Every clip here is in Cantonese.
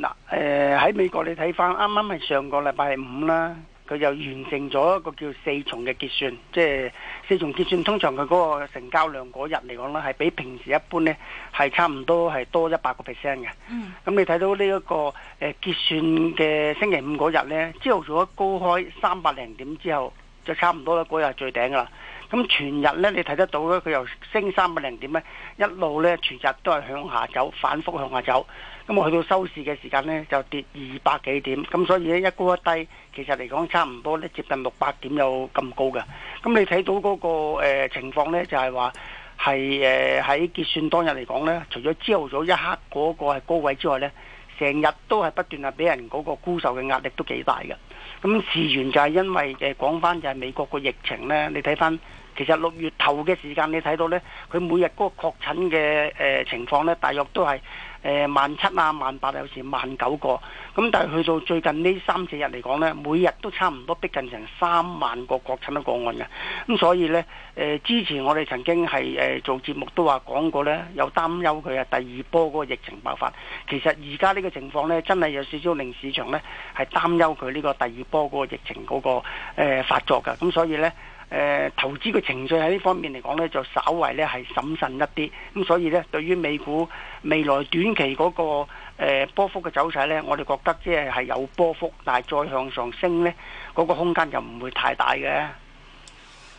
嗱，誒喺美國你睇翻，啱啱係上個禮拜係五啦，佢就完成咗一個叫四重嘅結算，即係四重結算通常佢嗰個成交量嗰日嚟講咧，係比平時一般咧係差唔多係多一百個 percent 嘅。嗯，咁你睇到呢一個誒結算嘅星期五嗰日咧，朝頭早做咗高開三百零點之後，就差唔多啦，嗰日係最頂噶啦。咁全日咧，你睇得到咧，佢又升三百零點咧，一路咧全日都係向下走，反覆向下走。咁我去到收市嘅時間呢，就跌二百幾點，咁所以呢一高一低，其實嚟講差唔多呢接近六百點有咁高嘅。咁你睇到嗰、嗰個、呃、情況呢，就係話係誒喺結算當日嚟講呢，除咗朝頭早一刻嗰個係高位之外呢，成日都係不斷係俾人嗰個沽售嘅壓力都幾大嘅。咁事源就係因為嘅、呃、講翻就係美國個疫情呢，你睇翻。其實六月頭嘅時間，你睇到呢，佢每日嗰個確診嘅誒、呃、情況呢，大約都係誒、呃、萬七啊、萬八有時萬九個。咁但係去到最近呢三四日嚟講呢，每日都差唔多逼近成三萬個確診嘅個案嘅。咁所以呢，誒、呃、之前我哋曾經係誒、呃、做節目都話講過呢，有擔憂佢啊第二波嗰個疫情爆發。其實而家呢個情況呢，真係有少少令市場呢係擔憂佢呢個第二波嗰個疫情嗰個誒、呃、發作嘅。咁所以呢。誒，投資嘅情緒喺呢方面嚟講呢，就稍為呢係審慎一啲，咁所以呢，對於美股未來短期嗰個誒波幅嘅走勢呢，我哋覺得即係係有波幅，但係再向上升呢，嗰個空間就唔會太大嘅。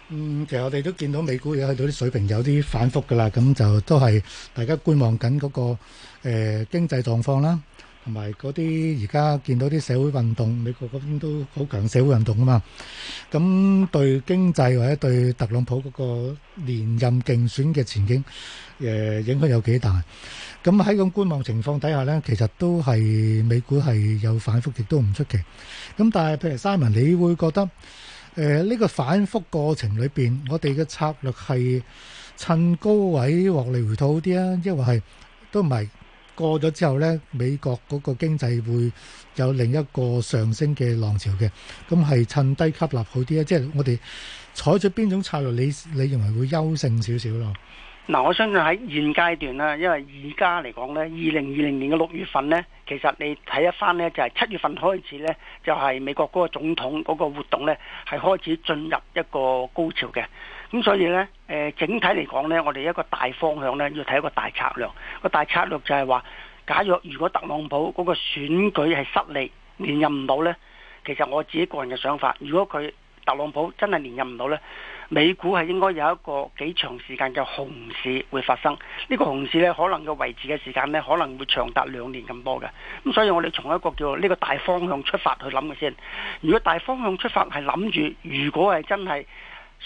嗯，其實我哋都見到美股有去到啲水平，有啲反覆㗎喇，咁就都係大家觀望緊嗰個誒經濟狀況啦。同埋嗰啲而家見到啲社會運動，美國嗰邊都好強社會運動啊嘛。咁對經濟或者對特朗普嗰個連任競選嘅前景，誒影響有幾大？咁喺咁觀望情況底下咧，其實都係美股係有反覆，亦都唔出奇。咁但係譬如 Simon，你會覺得誒呢個反覆過程裏邊，我哋嘅策略係趁高位獲利回吐好啲啊，抑或係都唔係？過咗之後呢，美國嗰個經濟會有另一個上升嘅浪潮嘅，咁係趁低吸納好啲咧，即係我哋採取邊種策略，你你認為會優勝少少咯？嗱，我相信喺現階段啦，因為而家嚟講呢，二零二零年嘅六月份呢，其實你睇一翻呢，就係七月份開始呢，就係美國嗰個總統嗰個活動呢，係開始進入一個高潮嘅。咁所以呢，誒、呃、整體嚟講呢，我哋一個大方向呢，要睇一個大策略。個大策略就係話，假若如果特朗普嗰個選舉係失利，連任唔到呢，其實我自己個人嘅想法，如果佢特朗普真係連任唔到呢，美股係應該有一個幾長時間嘅熊市會發生。呢、這個熊市呢，可能嘅維持嘅時間呢，可能會長達兩年咁多嘅。咁所以，我哋從一個叫呢個大方向出發去諗嘅先。如果大方向出發係諗住，如果係真係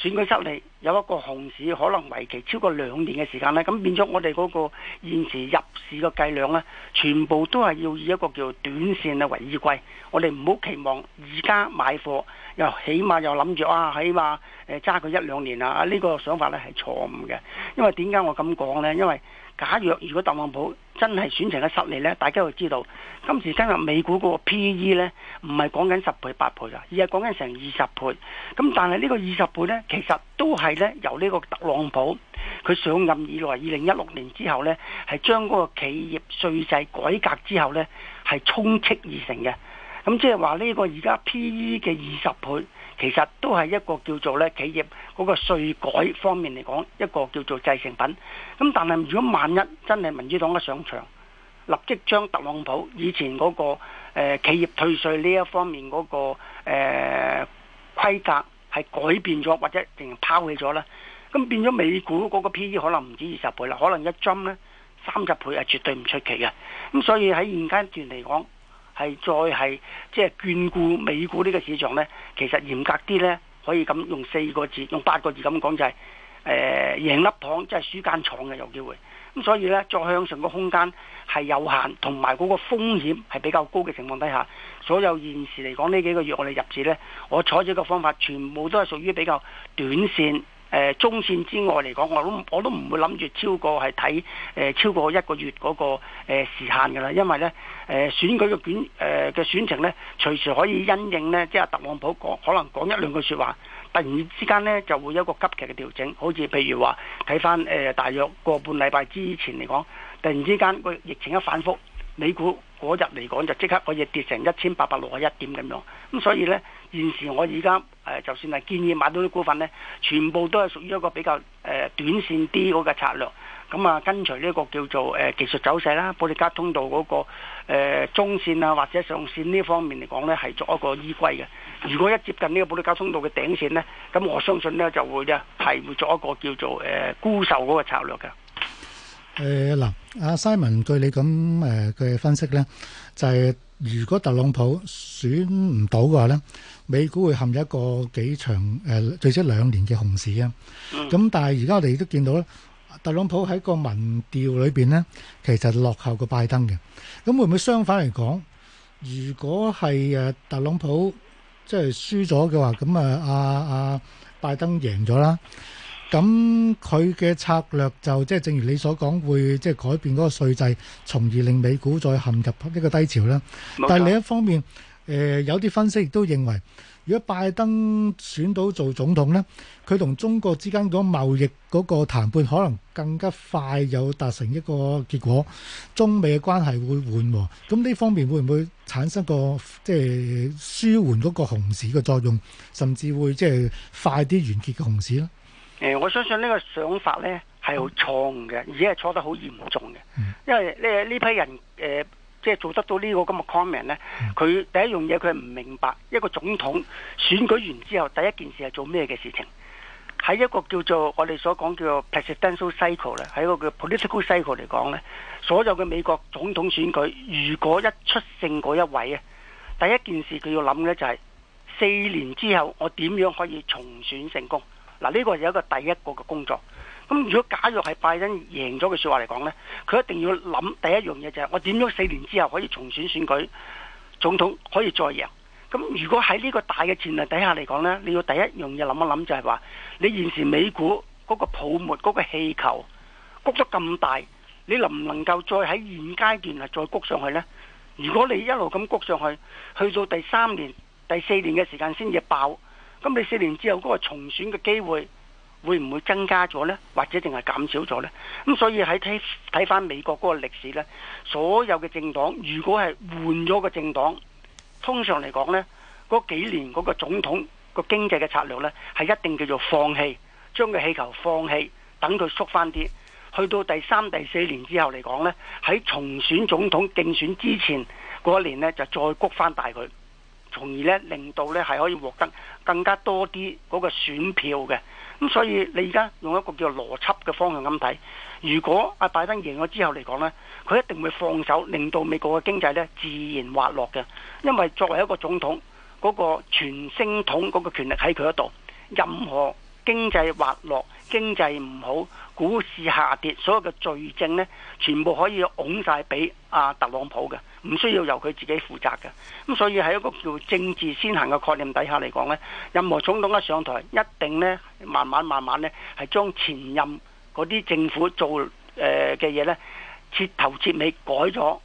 選舉失利，有一個熊市可能為期超過兩年嘅時間咧，咁變咗我哋嗰個現時入市嘅計量咧，全部都係要以一個叫做短線啊為依歸。我哋唔好期望而家買貨又起碼又諗住啊，起碼誒揸佢一兩年啊！呢個想法呢係錯誤嘅，因為點解我咁講呢？因為假若如果特朗普真係選情嘅失利呢？大家就知道。今時今日美股嗰個 P E 呢，唔係講緊十倍、八倍噶，而係講緊成二十倍。咁但係呢個二十倍呢，其實都係呢由呢個特朗普佢上任以來，二零一六年之後呢，係將嗰個企業稅制改革之後呢，係衝斥而成嘅。咁即係話呢個而家 P E 嘅二十倍。其實都係一個叫做咧企業嗰個稅改方面嚟講，一個叫做製成品。咁但係如果萬一真係民主黨一上場，立即將特朗普以前嗰、嗰個、呃、企業退稅呢一方面嗰、嗰個誒規格係改變咗，或者拋成日拋棄咗啦。咁變咗美股嗰個 P/E 可能唔止二十倍啦，可能一 jump 咧三十倍係絕對唔出奇嘅。咁所以喺現階段嚟講，係再係即係眷顧美股呢個市場呢，其實嚴格啲呢，可以咁用四個字，用八個字咁講就係、是，誒、呃、贏粒糖即係輸間廠嘅有機會。咁所以呢，再向上個空間係有限，同埋嗰個風險係比較高嘅情況底下，所有現時嚟講呢幾個月我哋入市呢，我採取個方法全部都係屬於比較短線、誒、呃、中線之外嚟講，我都我都唔會諗住超過係睇，誒、呃、超過一個月嗰個誒時限噶啦，因為呢。誒、呃，選舉嘅選，誒嘅選情咧，隨時可以因應呢，即係特朗普講，可能講一兩句説話，突然之間呢就會有一個急劇嘅調整，好似譬如話睇返誒，大約個半禮拜之前嚟講，突然之間個疫情一反覆，美股嗰日嚟講就即刻可以跌成一千八百六十一點咁樣。咁所以呢，現時我而家誒，就算係建議買到啲股份呢，全部都係屬於一個比較誒短線啲嗰個策略。咁啊，跟隨呢一個叫做誒技術走勢啦，布利加通道嗰，那個。誒中線啊，或者上線呢方面嚟講咧，係作一個依歸嘅。如果一接近呢個保歷加通道嘅頂線咧，咁我相信咧就會啊係會作一個叫做誒沽售嗰個策略嘅。誒嗱，阿 Simon 據你咁誒嘅分析咧，就係如果特朗普選唔到嘅話咧，美股會陷入一個幾長誒最少兩年嘅熊市啊。咁但係而家我哋亦都見到咧。特朗普喺個民調裏邊咧，其實落後個拜登嘅。咁會唔會相反嚟講？如果係誒特朗普即係輸咗嘅話，咁啊啊啊拜登贏咗啦。咁佢嘅策略就即係正如你所講，會即係改變嗰個稅制，從而令美股再陷入呢個低潮啦。但係另一方面。誒、呃、有啲分析亦都認為，如果拜登選到做總統咧，佢同中國之間嗰貿易嗰個談判可能更加快有達成一個結果，中美嘅關係會緩和，咁呢方面會唔會產生個即係舒緩嗰個熊市嘅作用，甚至會即係快啲完結嘅熊市咧？誒、呃，我相信呢個想法咧係好錯誤嘅，而且係錯得好嚴重嘅，嗯、因為呢呢批人誒。呃即係做得到呢個咁嘅 comment 呢，佢第一樣嘢佢係唔明白一個總統選舉完之後第一件事係做咩嘅事情？喺一個叫做我哋所講叫做 presidential cycle 咧，喺一個叫 political cycle 嚟講咧，所有嘅美國總統選舉如果一出勝嗰一位啊，第一件事佢要諗咧就係、是、四年之後我點樣可以重選成功？嗱呢、這個就係一個第一個嘅工作。咁如果假若係拜登贏咗嘅說話嚟講咧，佢一定要諗第一樣嘢就係我點樣四年之後可以重選選舉總統可以再贏。咁如果喺呢個大嘅前提底下嚟講咧，你要第一樣嘢諗一諗，就係話你現時美股嗰個泡沫嗰個氣球谷得咁大，你能唔能夠再喺現階段啊再谷上去咧？如果你一路咁谷上去，去到第三年、第四年嘅時間先至爆，咁你四年之後嗰個重選嘅機會。會唔會增加咗呢？或者淨係減少咗呢？咁所以喺睇睇翻美國嗰個歷史呢，所有嘅政黨如果係換咗個政黨，通常嚟講呢，嗰幾年嗰個總統個經濟嘅策略呢，係一定叫做放棄將個氣球放棄，等佢縮翻啲。去到第三、第四年之後嚟講呢，喺重選總統競選之前嗰一年呢，就再谷翻大佢，從而呢，令到呢係可以獲得更加多啲嗰個選票嘅。咁所以你而家用一個叫邏輯嘅方向咁睇，如果阿拜登贏咗之後嚟講咧，佢一定會放手，令到美國嘅經濟咧自然滑落嘅。因為作為一個總統嗰個全聲統嗰個權力喺佢嗰度，任何經濟滑落、經濟唔好，股市下跌，所有嘅罪證呢，全部可以拱晒俾阿特朗普嘅，唔需要由佢自己負責嘅。咁所以喺一個叫政治先行嘅概念底下嚟講呢，任何總統一上台，一定呢，慢慢慢慢呢，係將前任嗰啲政府做誒嘅嘢呢，徹頭徹尾改咗。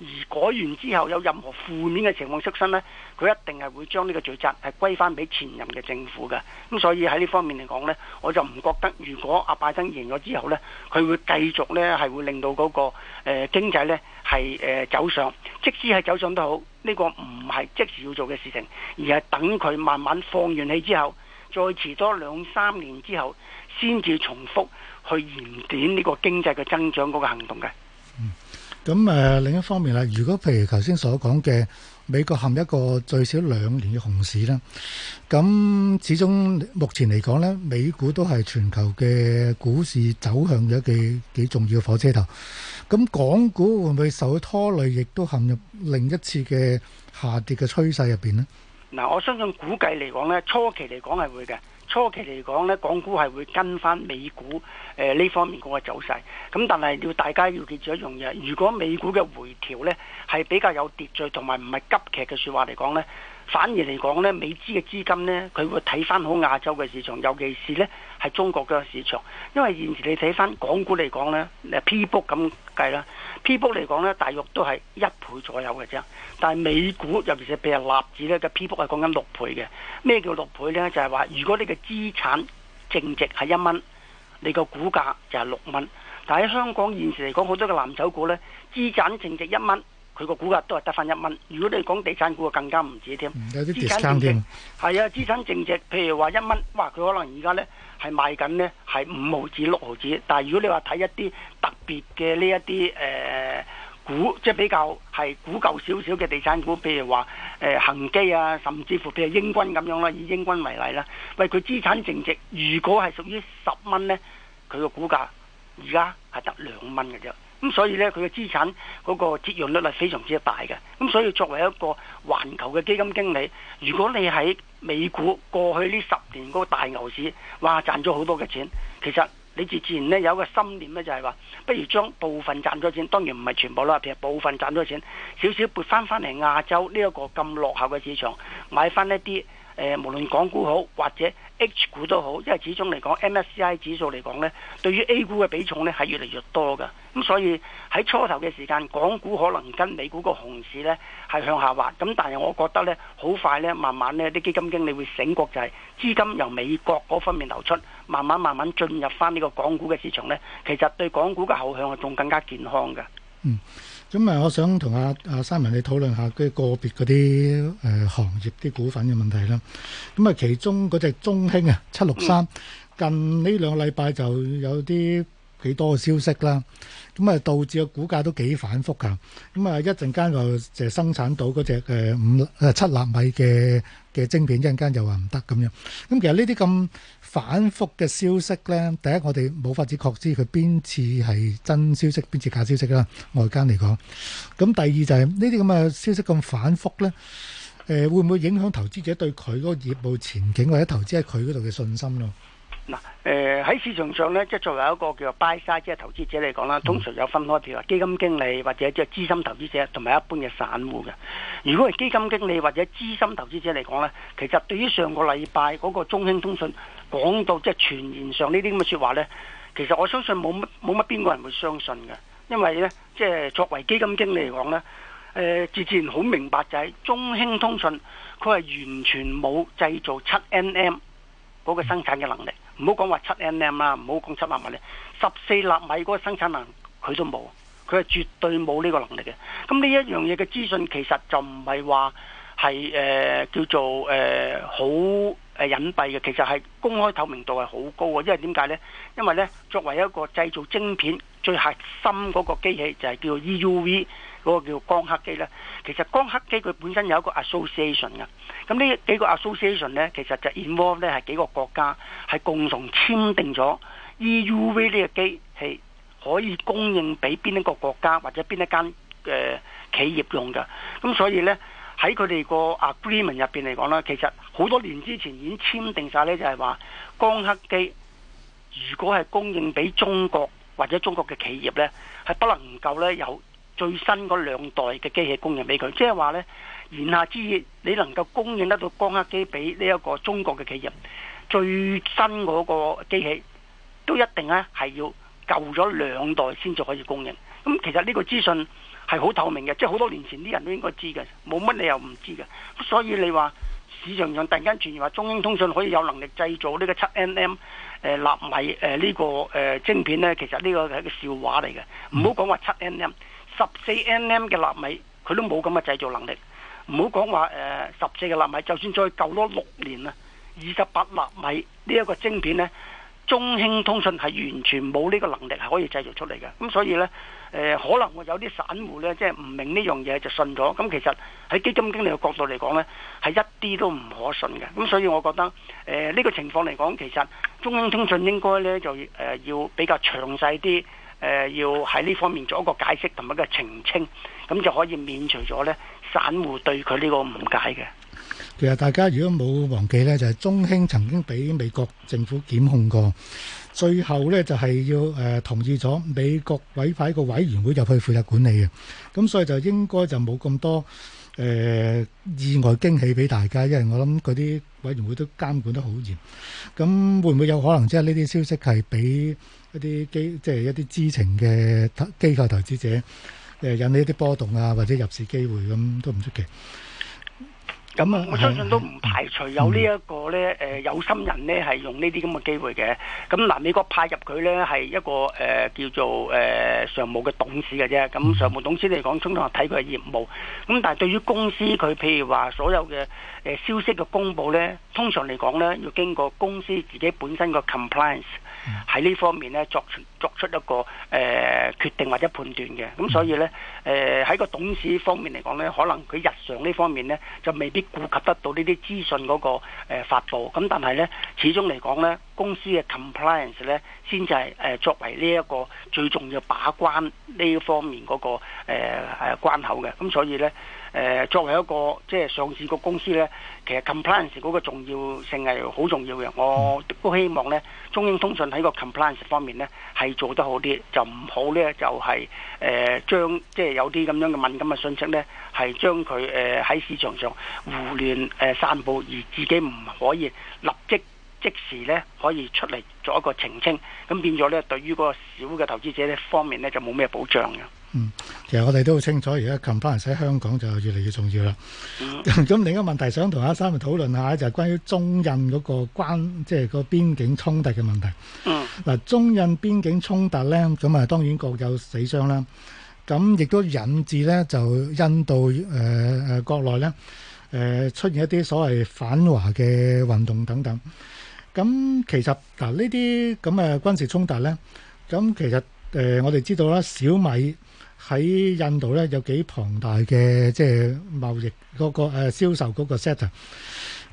而改完之後有任何負面嘅情況發生呢，佢一定係會將呢個罪責係歸翻俾前任嘅政府嘅。咁所以喺呢方面嚟講呢，我就唔覺得如果阿拜登贏咗之後呢，佢會繼續呢係會令到嗰、嗰個誒、呃、經濟咧係、呃、走上，即使係走上都好，呢、呢個唔係即時要做嘅事情，而係等佢慢慢放完氣之後，再遲多兩三年之後，先至重複去延展呢個經濟嘅增長嗰個行動嘅。咁誒另一方面啦，如果譬如頭先所講嘅美國陷入一個最少兩年嘅熊市咧，咁始終目前嚟講咧，美股都係全球嘅股市走向嘅幾重要火車頭。咁港股會唔會受拖累，亦都陷入另一次嘅下跌嘅趨勢入邊咧？嗱，我相信估計嚟講咧，初期嚟講係會嘅。初期嚟講咧，港股係會跟翻美股誒呢、呃、方面嗰個走勢。咁但係要大家要記住一樣嘢，如果美股嘅回調呢係比較有秩序同埋唔係急劇嘅説話嚟講呢，反而嚟講呢，美資嘅資金呢，佢會睇翻好亞洲嘅市場，尤其是呢係中國嘅市場。因為現時你睇翻港股嚟講呢，誒 P book 咁計啦，P book 嚟講呢，大約都係一倍左右嘅啫。但係美股尤其是譬如納指呢，嘅 P book 係講緊六倍嘅。咩叫六倍呢？就係話如果你嘅資產淨值係一蚊，你個股價就係六蚊。但係喺香港現時嚟講，好多嘅藍籌股呢，資產淨值一蚊。佢個股價都係得翻一蚊。如果你講地產股啊，更加唔止添。有啲資產添。係 啊，資產淨值，譬如話一蚊，哇！佢可能而家呢係賣緊呢係五毫子、六毫子。但係如果你話睇一啲特別嘅呢一啲誒股，即係比較係古舊少少嘅地產股，譬如話誒、呃、恆基啊，甚至乎譬如鷹君咁樣啦，以鷹君為例啦，喂，佢資產淨值如果係屬於十蚊呢，佢個股價而家係得兩蚊嘅啫。咁所以呢，佢嘅資產嗰個折讓率係非常之大嘅。咁所以作為一個環球嘅基金經理，如果你喺美股過去呢十年嗰個大牛市，哇，賺咗好多嘅錢，其實你自然呢有一個心念呢，就係話，不如將部分賺咗錢，當然唔係全部啦，譬如部分賺咗錢，少少撥翻翻嚟亞洲呢一個咁落後嘅市場，買翻一啲。誒、呃，無論港股好或者 H 股都好，因為始終嚟講 MSCI 指數嚟講呢，對於 A 股嘅比重呢係越嚟越多噶。咁所以喺初頭嘅時間，港股可能跟美股個熊市呢係向下滑。咁但係我覺得呢，好快呢，慢慢呢，啲基金經理會醒覺就係資金由美國嗰方面流出，慢慢慢慢進入返呢個港股嘅市場呢，其實對港股嘅後向係仲更加健康嘅。嗯。咁啊、嗯，我想同阿阿三文你討論下嘅、嗰個別啲誒、呃、行業啲股份嘅問題啦。咁、嗯、啊，其中嗰隻中興啊，七六三，近呢兩個禮拜就有啲幾多嘅消息啦，咁、嗯、啊導致個股價都幾反覆噶。咁啊一陣間又就生產到嗰隻誒五誒七納米嘅嘅晶片，一陣間又話唔得咁樣。咁、嗯、其實呢啲咁反覆嘅消息咧，第一我哋冇法子確知佢邊次係真消息，邊次假消息啦。外間嚟講，咁、嗯、第二就係呢啲咁嘅消息咁反覆咧，誒、呃、會唔會影響投資者對佢嗰個業務前景或者投資喺佢嗰度嘅信心咯？嗱，誒喺、呃、市場上呢，即係作為一個叫做 buy side，即係投資者嚟講啦，通常有分開譬如話基金經理或者即係資深投資者同埋一般嘅散戶嘅。如果係基金經理或者資深投資者嚟講呢，其實對於上個禮拜嗰個中興通訊講到即係傳言上呢啲咁嘅説話呢，其實我相信冇乜冇乜邊個人會相信嘅，因為呢，即、就、係、是、作為基金經理嚟講呢，誒、呃、自然好明白就係中興通訊佢係完全冇製造七 nm 嗰個生產嘅能力。唔好講話七 nm 啊，唔好講七納米，十四納米嗰個生產能，佢都冇，佢係絕對冇呢個能力嘅。咁呢一樣嘢嘅資訊其實就唔係話係誒叫做誒好誒隱蔽嘅，其實係公開透明度係好高嘅，因為點解呢？因為呢，作為一個製造晶片最核心嗰個機器就係叫做 EUV。嗰個叫光刻機呢，其實光刻機佢本身有一個 association 嘅，咁呢幾個 association 呢，其實就 involve 呢係幾個國家係共同簽訂咗 EUV 呢個機係可以供應俾邊一個國家或者邊一間嘅、呃、企業用㗎。咁所以呢，喺佢哋個 agreement 入邊嚟講咧，其實好多年之前已經簽訂晒呢，就係話光刻機如果係供應俾中國或者中國嘅企業呢，係不能夠呢有。最新嗰兩代嘅機器供應俾佢，即係話呢，言下之意，你能夠供應得到光刻機俾呢一個中國嘅企業，最新嗰個機器都一定咧係要舊咗兩代先至可以供應。咁其實呢個資訊係好透明嘅，即係好多年前啲人都應該知嘅，冇乜理由唔知嘅。所以你話市場上突然間傳言話中英通訊可以有能力製造呢個七 nm 誒納米誒呢個誒晶片呢，其實呢個係一個笑話嚟嘅，唔好講話七 nm。十四 nm 嘅納米佢都冇咁嘅製造能力，唔好講話誒十四嘅納米，就算再夠多六年啊，二十八納米呢一個晶片呢，中興通訊係完全冇呢個能力係可以製造出嚟嘅。咁所以呢，誒、呃，可能我有啲散戶呢，即係唔明呢樣嘢就信咗。咁其實喺基金經理嘅角度嚟講呢，係一啲都唔可信嘅。咁所以我覺得誒呢、呃呢個情況嚟講，其實中興通訊應該呢，就誒要、呃、要比較詳細啲。誒要喺呢方面做一個解釋同一個澄清，咁就可以免除咗呢散戶對佢呢個誤解嘅。其實大家如果冇忘記呢，就係中興曾經俾美國政府檢控過，最後呢就係要誒同意咗美國委派個委員會入去負責管理嘅，咁所以就應該就冇咁多。誒、呃、意外驚喜俾大家，因為我諗嗰啲委員會都監管得好嚴，咁、嗯、會唔會有可能即係呢啲消息係俾一啲機，即係一啲知情嘅機構投資者誒、呃、引起一啲波動啊，或者入市機會咁、嗯、都唔出奇。咁啊，我相信都唔排除有呢一個咧，誒有心人呢，係用呢啲咁嘅機會嘅。咁嗱，美國派入佢呢，係一個誒叫做誒常務嘅董事嘅啫。咁常務董事嚟講，通常睇佢嘅業務，咁但係對於公司佢譬如話所有嘅誒消息嘅公布呢，通常嚟講呢，要經過公司自己本身個 compliance 喺呢方面呢作作出一個誒決定或者判斷嘅。咁所以呢，誒喺個董事方面嚟講呢，可能佢日常呢方面呢，就未必。顧及得到呢啲資訊嗰個誒、呃、發布，咁但係咧，始終嚟講咧，公司嘅 compliance 咧，先至係誒作為呢一個最重要把關呢方面嗰、個誒誒、呃、關口嘅，咁所以咧。誒作為一個即係上市嘅公司呢，其實 compliance 嗰個重要性係好重要嘅。我都希望呢，中英通信喺個 compliance 方面呢係做得好啲，就唔好呢，就係誒將即係有啲咁樣嘅敏感嘅訊息呢，係將佢誒喺市場上胡亂誒散佈，而自己唔可以立即即時呢可以出嚟做一個澄清，咁變咗呢，對於嗰個小嘅投資者呢方面呢，就冇咩保障嘅。嗯，其實我哋都好清楚，而家近嚟，喺香港就越嚟越重要啦。咁、嗯、 另一個問題，想同阿三嚟討論下，就係、是、關於中印嗰個關，即、就、係、是、個邊境衝突嘅問題。嗱、嗯，中印邊境衝突咧，咁啊當然各有死傷啦。咁亦都引致咧，就印度誒誒國內咧，誒出現一啲所謂反華嘅運動等等。咁其實嗱，呢啲咁嘅軍事衝突咧，咁其實誒我哋知道啦，小米。喺印度咧，有幾龐大嘅即係貿易嗰個誒、啊、銷售嗰個 sector，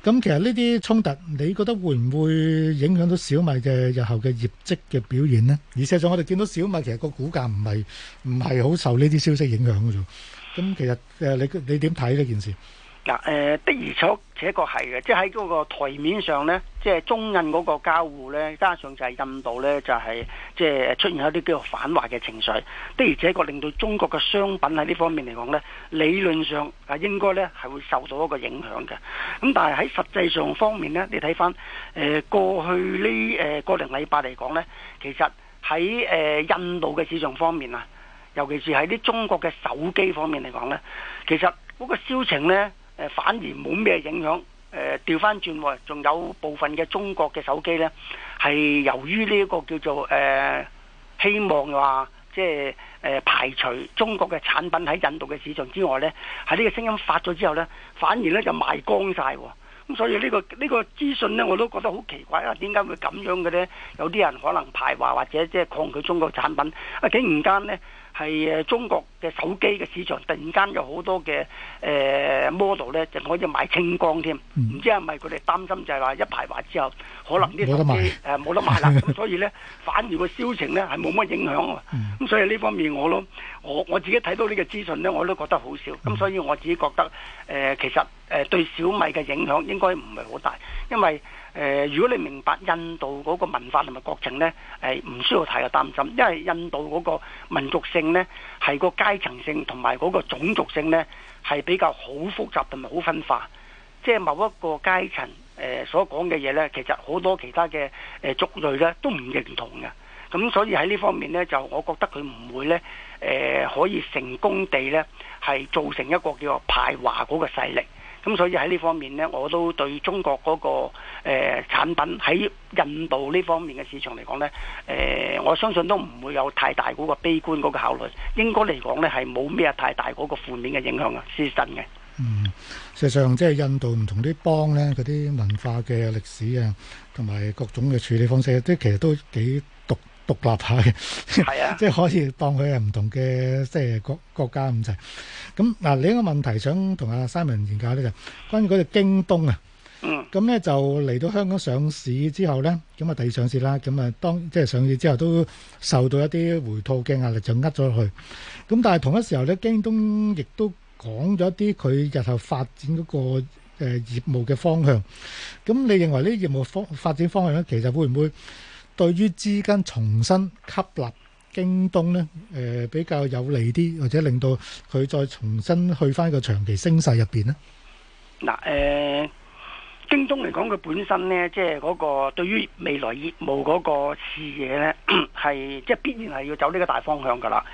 咁、嗯、其實呢啲衝突，你覺得會唔會影響到小米嘅日後嘅業績嘅表現呢？而且仲我哋見到小米其實個股價唔係唔係好受呢啲消息影響嘅喎，咁、嗯、其實誒、呃、你你點睇呢件事？嗱誒的而且且確係嘅，即喺嗰個台面上呢，即、就是、中印嗰個交惡呢，加上就係印度呢，就係、是、即出現一啲叫做反華嘅情緒，的而且確令到中國嘅商品喺呢方面嚟講呢，理論上啊應該呢係會受到一個影響嘅。咁但係喺實際上方面呢，你睇翻誒過去呢誒個零禮拜嚟講呢，其實喺誒、呃、印度嘅市場方面啊，尤其是喺啲中國嘅手機方面嚟講呢，其實嗰個銷情呢，反而冇咩影響，誒調翻轉，仲有部分嘅中國嘅手機呢，係由於呢一個叫做誒、呃、希望話，即係誒排除中國嘅產品喺印度嘅市場之外呢，喺呢個聲音發咗之後呢，反而呢就賣光曬，咁、呃、所以呢、呢個、呢個資訊呢，我都覺得好奇怪，因為點解會咁樣嘅呢？有啲人可能排華或者即係抗拒中國產品，啊，竟然間呢。係誒中國嘅手機嘅市場，突然間有好多嘅誒、呃、model 咧，就可以賣清光添。唔知係咪佢哋擔心就係話一排話之後，可能啲手機冇得賣啦。咁、呃、 所以咧，反而個銷情咧係冇乜影響。咁、嗯、所以呢方面我，我諗我我自己睇到呢個資訊咧，我都覺得好少。咁所以我自己覺得誒、呃、其實誒、呃、對小米嘅影響應該唔係好大，因為。誒、呃，如果你明白印度嗰個文化同埋國情呢，誒、呃、唔需要太過擔心，因為印度嗰個民族性呢，係個階層性同埋嗰個種族性呢，係比較好複雜同埋好分化。即係某一個階層誒、呃、所講嘅嘢呢，其實好多其他嘅誒族類呢都唔認同嘅。咁所以喺呢方面呢，就我覺得佢唔會呢，誒、呃、可以成功地呢，係造成一個叫做排華嗰個勢力。咁所以喺呢方面呢，我都對中國嗰、那個誒、呃、產品喺印度呢方面嘅市場嚟講呢，誒、呃、我相信都唔會有太大嗰個悲觀嗰個考慮，應該嚟講呢，係冇咩太大嗰個負面嘅影響啊，施新嘅。嗯，事實上即係印度唔同啲邦呢，嗰啲文化嘅歷史啊，同埋各種嘅處理方式，即係其實都幾獨。獨立下嘅，即係可以當佢係唔同嘅，即係國國家咁滯。咁嗱，另一個問題想同阿 Simon 研究咧就，關於嗰個京東啊。嗯。咁咧就嚟到香港上市之後咧，咁啊第二上市啦。咁啊當即係上市之後都受到一啲回吐嘅壓力，就呃咗落去。咁但係同一時候咧，京東亦都講咗一啲佢日後發展嗰個誒業務嘅方向。咁你認為呢啲業務方發展方向咧，其實會唔會？對於資金重新吸納京東咧，誒、呃、比較有利啲，或者令到佢再重新去翻個長期升勢入邊咧。嗱，誒、呃。京東嚟講，佢本身呢，即係嗰個對於未來業務嗰個視野呢，係即係必然係要走呢個大方向噶啦。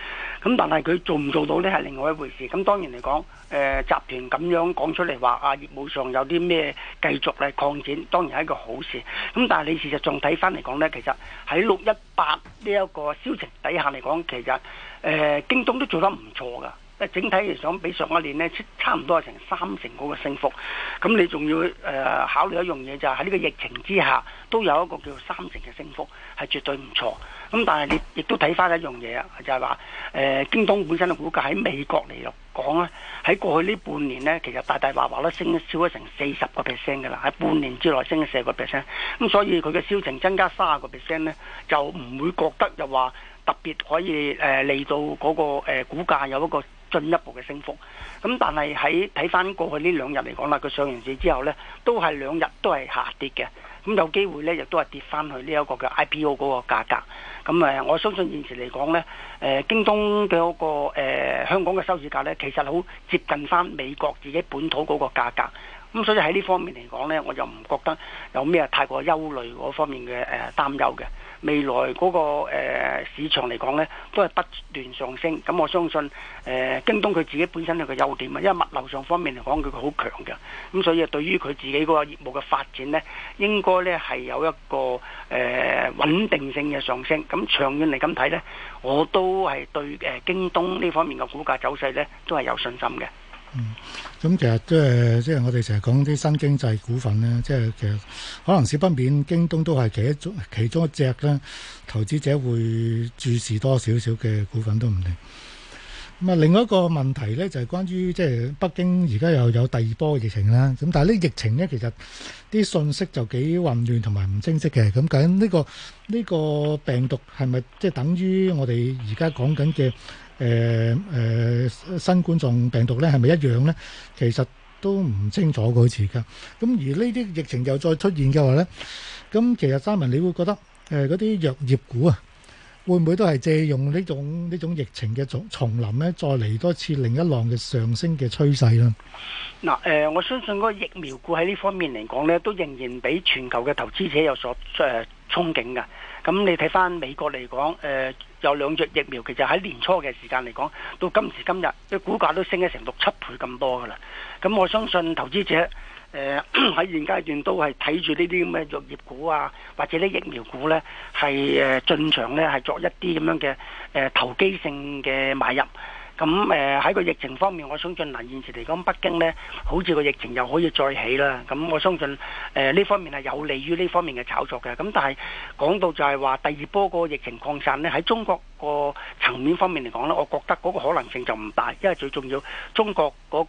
咁但係佢做唔做到呢係另外一回事。咁當然嚟講，誒、呃、集團咁樣講出嚟話啊，業務上有啲咩繼續嚟擴展，當然係一個好事。咁但係你事實仲睇翻嚟講呢，其實喺六一八呢一個銷情底下嚟講，其實誒、呃、京東都做得唔錯噶。誒整體嚟想，比上一年呢，差唔多係成三成嗰個升幅，咁你仲要誒、呃、考慮一樣嘢就係喺呢個疫情之下，都有一個叫做三成嘅升幅，係絕對唔錯。咁但係你亦都睇翻一樣嘢啊，就係話誒京東本身嘅股價喺美國嚟講咧，喺過去呢半年呢，其實大大話話都升咗超咗成四十個 percent 㗎啦，喺半年之內升咗四個 percent。咁所以佢嘅銷情增加三十個 percent 呢，就唔會覺得又話。特別可以誒嚟到嗰個誒股價有一個進一步嘅升幅，咁但係喺睇翻過去呢兩日嚟講啦，佢上完市之後呢，都係兩日都係下跌嘅，咁有機會呢，亦都係跌翻去呢一個嘅 IPO 嗰個價格。咁誒，我相信現時嚟講呢，誒京東嘅嗰個誒香港嘅收市價呢，其實好接近翻美國自己本土嗰個價格。咁所以喺呢方面嚟講呢，我就唔覺得有咩太過憂慮嗰方面嘅誒擔憂嘅。未來嗰、那個、呃、市場嚟講呢都係不斷上升。咁我相信誒、呃、京東佢自己本身有個優點啊，因為物流上方面嚟講，佢好強嘅。咁所以對於佢自己嗰個業務嘅發展呢，應該呢係有一個誒、呃、穩定性嘅上升。咁長遠嚟咁睇呢，我都係對誒、呃、京東呢方面嘅股價走勢呢都係有信心嘅。嗯、咁、嗯嗯、其實即係、呃，即係我哋成日講啲新經濟股份咧，即係其實可能少不免，京東都係其中其中一隻咧，投資者會注視多少少嘅股份都唔定。咁、嗯、啊，另一個問題咧就係、是、關於即係北京而家又有第二波疫情啦。咁、嗯、但係呢疫情咧，其實啲信息，就幾混亂同埋唔清晰嘅。咁究竟呢個呢、呢個病毒係咪即係等於我哋而家講緊嘅？誒誒、呃呃，新冠狀病毒咧係咪一樣咧？其實都唔清楚好似㗎。咁而呢啲疫情又再出現嘅話咧，咁其實三文，你會覺得誒嗰啲藥業股啊？會唔會都係借用呢種呢種疫情嘅重臨咧，再嚟多次另一浪嘅上升嘅趨勢咧？嗱，誒，我相信嗰個疫苗股喺呢方面嚟講呢都仍然俾全球嘅投資者有所誒、呃、憧憬噶。咁你睇翻美國嚟講，誒、呃、有兩隻疫苗，其實喺年初嘅時間嚟講，到今時今日嘅股價都升咗成六七倍咁多噶啦。咁我相信投資者。誒喺現階段都係睇住呢啲咁嘅藥業股啊，或者呢疫苗股呢，係誒進場咧，係作一啲咁樣嘅誒投機性嘅買入。咁誒喺個疫情方面，我相信嗱現時嚟講，北京咧好似個疫情又可以再起啦。咁我相信誒呢方面係有利於呢方面嘅炒作嘅。咁但係講到就係話第二波個疫情擴散咧，喺中國個層面方面嚟講咧，我覺得嗰個可能性就唔大，因為最重要中國嗰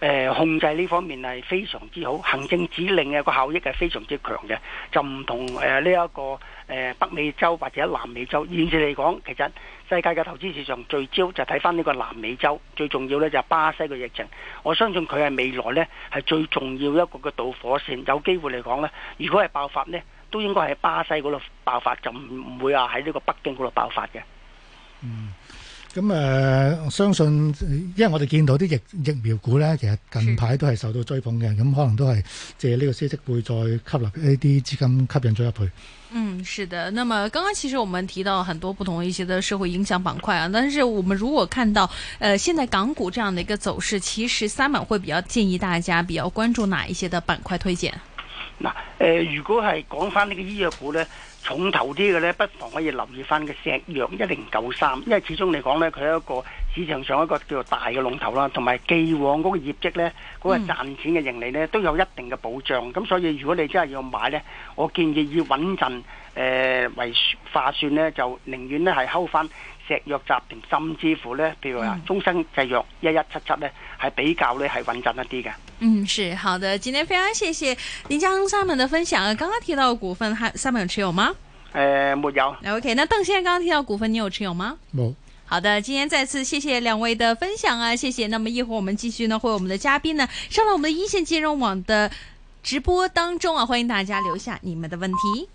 個誒控制呢方面係非常之好，行政指令嘅個效益係非常之強嘅，就唔同誒呢一個誒北美洲或者南美洲。現時嚟講，其實世界嘅投資市場聚焦就睇翻呢。個南美洲最重要咧就係巴西嘅疫情，我相信佢係未來咧係最重要一個嘅導火線，有機會嚟講咧，如果係爆發咧，都應該係巴西嗰度爆發，就唔唔會話喺呢個北京嗰度爆發嘅。嗯。咁誒、嗯呃，相信因為我哋見到啲疫疫苗股咧，其實近排都係受到追捧嘅，咁是、嗯、可能都係借呢個消息會再吸納一啲資金吸引咗入去。嗯，是的。那麼，剛剛其實我們提到很多不同一些的社會影響板塊啊，但是我們如果看到，誒、呃，現在港股這樣的一個走勢，其實三板會比較建議大家比較關注哪一些的板塊推薦？嗱，誒、嗯，如果係講翻呢個醫藥股呢，重頭啲嘅呢，不妨可以留意翻嘅石藥一零九三，因為始終嚟講呢，佢係一個市場上一個叫做大嘅龍頭啦，同埋既往嗰個業績呢，嗰、嗰個賺錢嘅盈利呢，都有一定嘅保障。咁所以，如果你真係要買呢，我建議以穩陣誒、呃、為化算呢，就寧願呢係收翻。石藥集團甚至乎呢，譬如話眾生製藥一一七七呢，係比較呢，係穩陣一啲嘅。嗯，是好的，今天非常謝謝林家亨三伯的分享啊！剛剛提到股份，還三伯有持有嗎？誒、呃，沒有。OK，那鄧先生剛剛提到股份，你有持有嗎？冇有。好的，今天再次謝謝兩位的分享啊！謝謝。那麼一會我們繼續呢，會有我們的嘉賓呢，上到我們的一線金融網的直播當中啊！歡迎大家留下你們的問題。